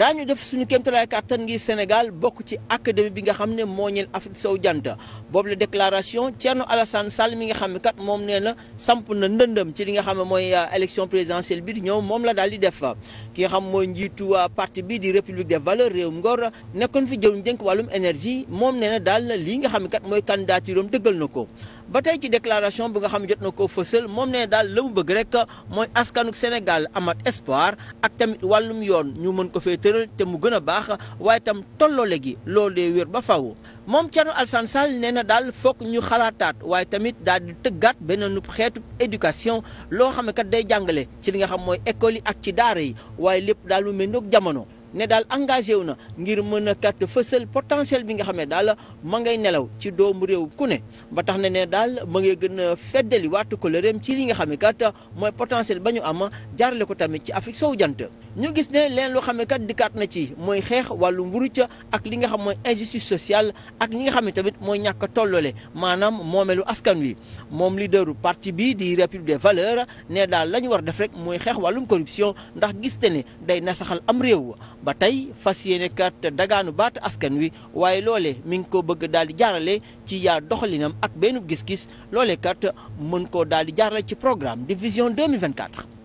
daañu def suñu kéemtalaay kàttan ngir Sénégal bokk ci académie bi nga xam ne moo ñeel Afrique sow jant boobu la déclaration Thierno Alassane Sall mi nga xam ne kat moom nee na samp na ndëndëm ci li nga xam ne mooy euh, élection présidentielle bi di ñëw moom la daal di def ki nga xam mooy njiitu euh, parti bi di République des valeur réew Ngor nekkoon fi jëruñ jënk wàllum énergie moom nee na daal lii nga xam ne kat mooy candidature am dëggal na ko ba tey ci déclaration bi nga xam jot na koo fësal moom ne daal la mu bëgg rek mooy askanu Sénégal amat espoir ak tamit wàllum yoon ñu mën ko fee tëral te mu gën a baax waaye tam tolloole gi loolu dee wér ba faw moom Thierno Alassane Sall nee na daal foog ñu xalaataat waaye tamit daal di tëggaat beneen xeetu éducation loo xam ne kat day jàngale ci li nga xam mooy école yi ak ci daara yi waaye lépp daal mel méngoog jamono. ne daal engagé wu na ngir mën a kat fësal potentiel bi nga xam ne daal ma ngay nelaw ci doomu réew ku ne ba tax na ne daal ma ngay gën feddali waatu ko la ci li nga xam ne kat mooy potentiel ba ñu am jaarale ko tamit ci Afrique sowu jant ñu gis ne leen loo xam ne kat dikkaat na ci mooy xeex wàllu mburuca ak li nga xam mooy injustice sociale ak li nga xam ne tamit mooy ñàkk a tollole maanaam moomelu askan wi moom leaderu parti bi di République des valeurs ne daal la ñu war def rek mooy wàllum corruption ndax gis te ne day nasaxal am réew ba tey fas yéene kat dagaanu baat askan wi waaye loole mi ngi ko bëgg daal di jaarale ci yaa doxalinam ak benn gis-gis loole kat mën koo daal di jaarale ci programme di vision 2024